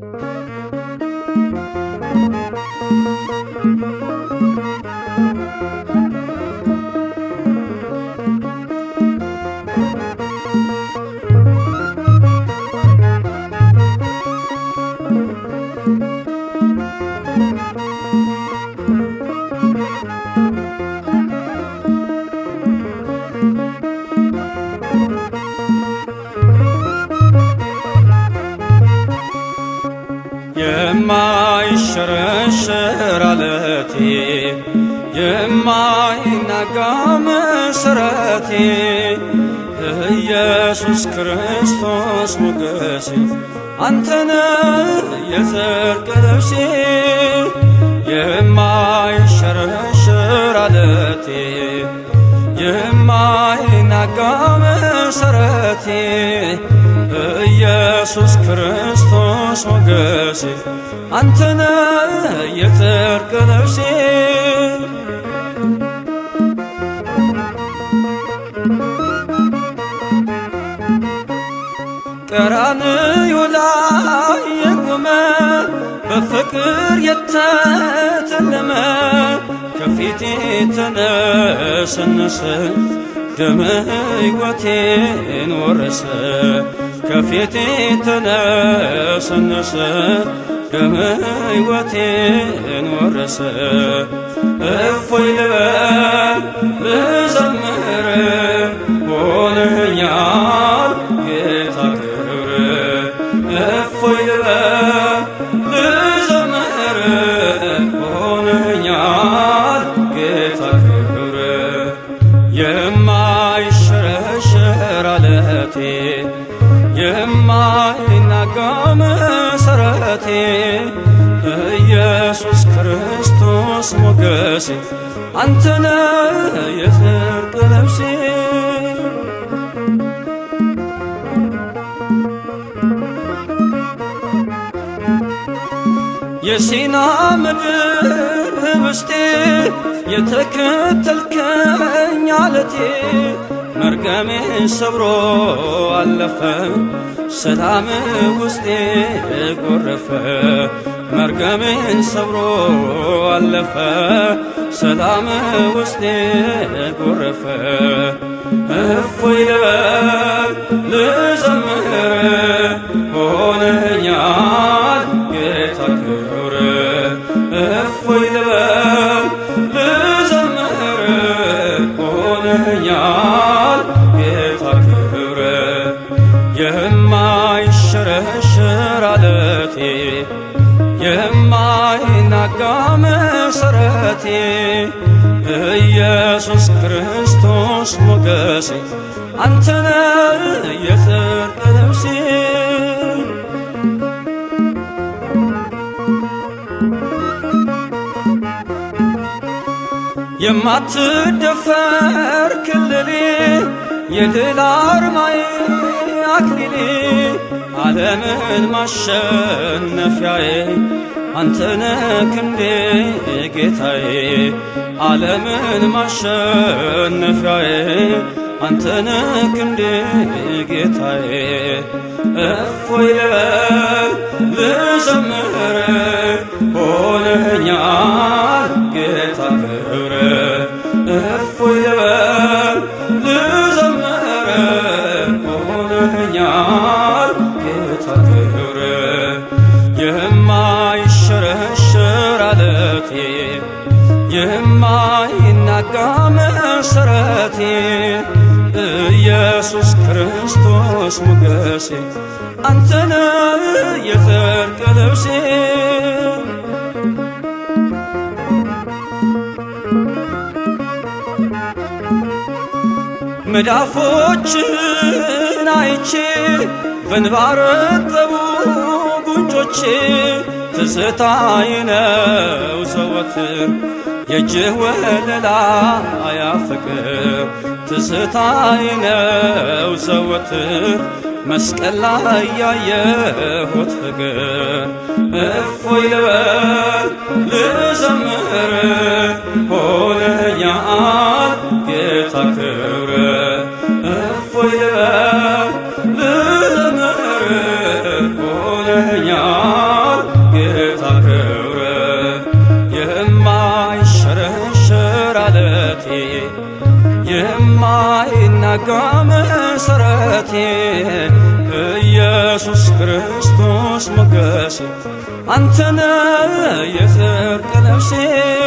Thank you. አለቴ የማይናጋ መሰረቴ ኢየሱስ ክርስቶስ ሞገሴ አንተነ የዘርቅ ልብሴ የማይሸረሽር አለቴ የማይናጋ መሰረቴ ኢየሱስ ክርስቶስ ሞገሴ አንተነ የጽርቅ ነፍሴ ቀራንዮ ላይ የቆመ በፍቅር የተተለመ ከፊቴ ተነሰነሰ ደመ ሕይወቴን ወረሰ ከፊቴ ተነሰነሰ ደመ ሕይወቴን ወረሰ እፎይ ልበል ልዘምር ሆነኛ ኢየሱስ ክርስቶስ ሞገሴ አንተነ የፍርቅ ነፍሴ የሲና ምድር ህብስቴ የተከተልከኝ አለቴ መርገሜን ሰብሮ አለፈ ሰላም ውስጤ ጎረፈ መርገሜን ሰብሮ አለፈ ሰላም ውስጤ ጎረፈ እፎይ ልበል ልዘምር የማይሸረሸር አለቴ የማይናጋ መሰረቴ ኢየሱስ ክርስቶስ ሞገሴ አንተነ የጽድቅ ልብሴ የማትደፈር ክልሌ የድል አርማዬ አክሊሌ ዓለምን ማሸነፊያዬ አንተነ ክንዴ ጌታዬ ዓለምን ማሸነፊያዬ አንተነ ክንዴ ጌታዬ እፎይለ ልበል ልዘምር ሆነኛል ጌታ ክብር የማይናጋ መሰረቴ ኢየሱስ ክርስቶስ ሞገሴ አንተነ የጽድቅ ልብሴ መዳፎችን አይቼ በንባረጠቡ ረጠቡ ጉንጮቼ ትዝታይ ነው ዘወትር የእጅህ ወለላ አያ ትዝታይ ነው ዘወትር መስቀል ላይ ያየሁት ፍቅር እፎይ ልበል ልዘምር ሆነኛል ጌታ ክብር እፎይ ልበል ልዘምር ሆነኛል ዋጋ መሰረቴ ኢየሱስ ክርስቶስ ሞገሴ አንተነ የጽድቅ ልብሴ